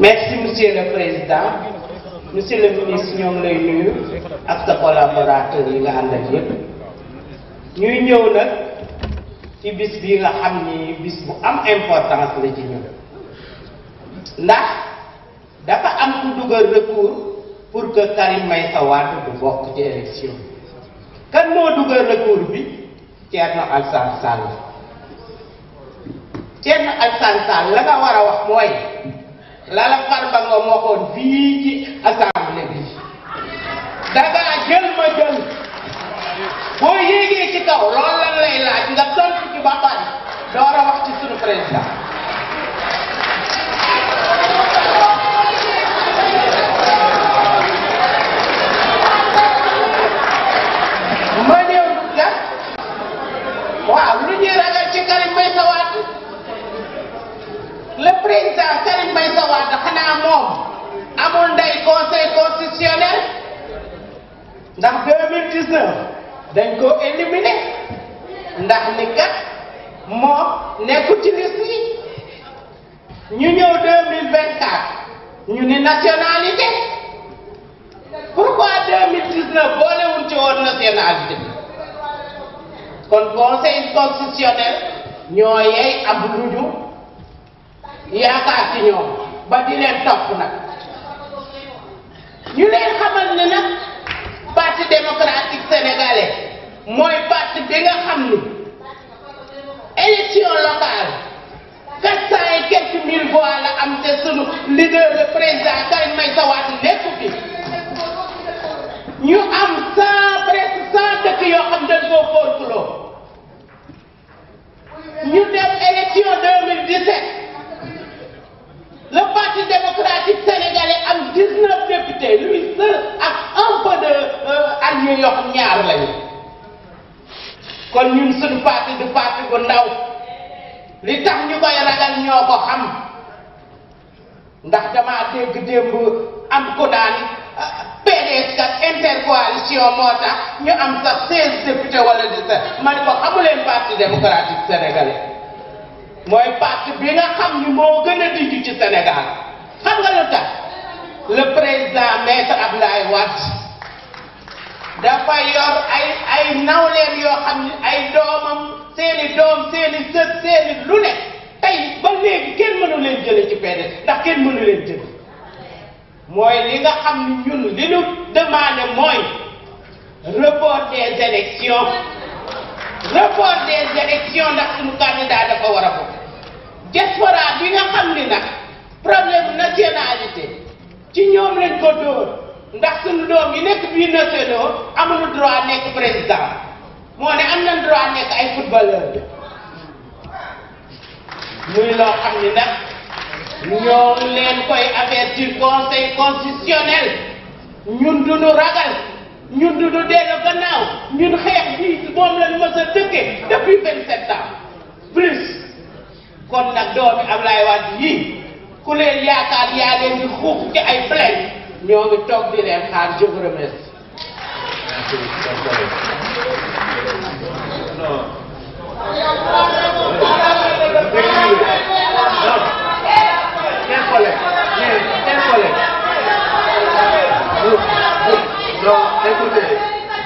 merci monsieur le président monsieur le ministre ñoo lay nuyu ak sa collaborateur yi nga àndal yëpp ñuy ñëw nag ci bis bi nga xam ni bis bu am importance la ci ñun ndax dafa am ku dugal recours pour que Karim Meïssa Wade du bokk ci élection kan moo dugal recours bi Thierno Alassane Sall Thierno Alassane Sall la nga war a wax mooy lala Farba Ngom a fii ci assemblée bi danga jël ma jël boo yéegee ci kaw loolu lan lay laaj nga tontu ci ba pare door wax ci sunu président. Serigne Sa Serigne Meïssa xanaa moom amul ndey conseil constitutionnel ndax 2019 dañ koo éliminé ndax ni kat moom nekkul ci liste ñu ñëw 2024 ñu ni nationalité pourquoi 2019 boolewul ci woon nationalité kon conseil constitutionnel ñoo yey ab luñu yaakaar ci ñoom ba di leen topp nag ñu leen xamal ne nag parti démocratique sénégalais mooy parti bi nga xam ni élection locale quatre cent et quelques mille la am te sunu leader le président Karim député lui seul ak un peu de euh, alliés yoo xam ñaar lañu kon ñun suñu parti du parti bu ndaw li ñu koy ragal ñoo ko xam ndax damaa dégg démb am ko daan euh, PDS kat intercoalition moo tax ñu am sax seize député wala dix-sept ma ne ko xamuleen parti démocratique sénégalais mooy parti bi nga xam ni moo gën a dijju ci Sénégal xam nga lu le président maître Abdoulaye Wade dafa yor ay nawleen yoo xam ne ay doomam seeni doom seeni sët seeni lu ne tey ba léegi kenn mënu jële ci PDS ndax kenn mënu leen mooy li nga xam li ñu demandé mooy report des élections report des élections ndax suñu candidat dafa war a ko diaspora bi nga xam ni nag problème nationalité ci ñoom lañ ko dóor ndax suñu doom yi nekk biir nationaux amuñu droit nekk président moo ne am nañ droit nekk ay footballeur muy loo xam ni nag ñoo leen koy avertir conseil constitutionnel ñun du ñu ragal ñun du ñu dellu gannaaw ñun xeex bi moom lañ mës a dëkkee depuis vingt-sept ans plus kon nag doomi Ablaye Wade yii ku leen yaakaar yaa leen di xuuf ci ay plainte ñoo ngi toog di leen xaar je vous remercie. Non, écoutez,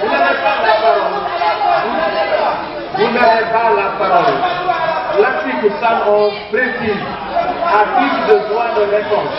vous n'avez pas la parole. Vous n'avez pas la parole. L'article 111 précise a plus besoin de réponse.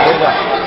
Obrigado.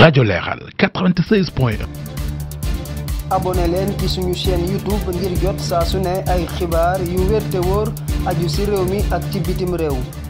rajo Leral 96 point 1. abonné leen ci suñu chaîne YouTube ngir jot saa su ne ay xibaar yu wér te wóor aju ci réew mi ak ci bitim réew.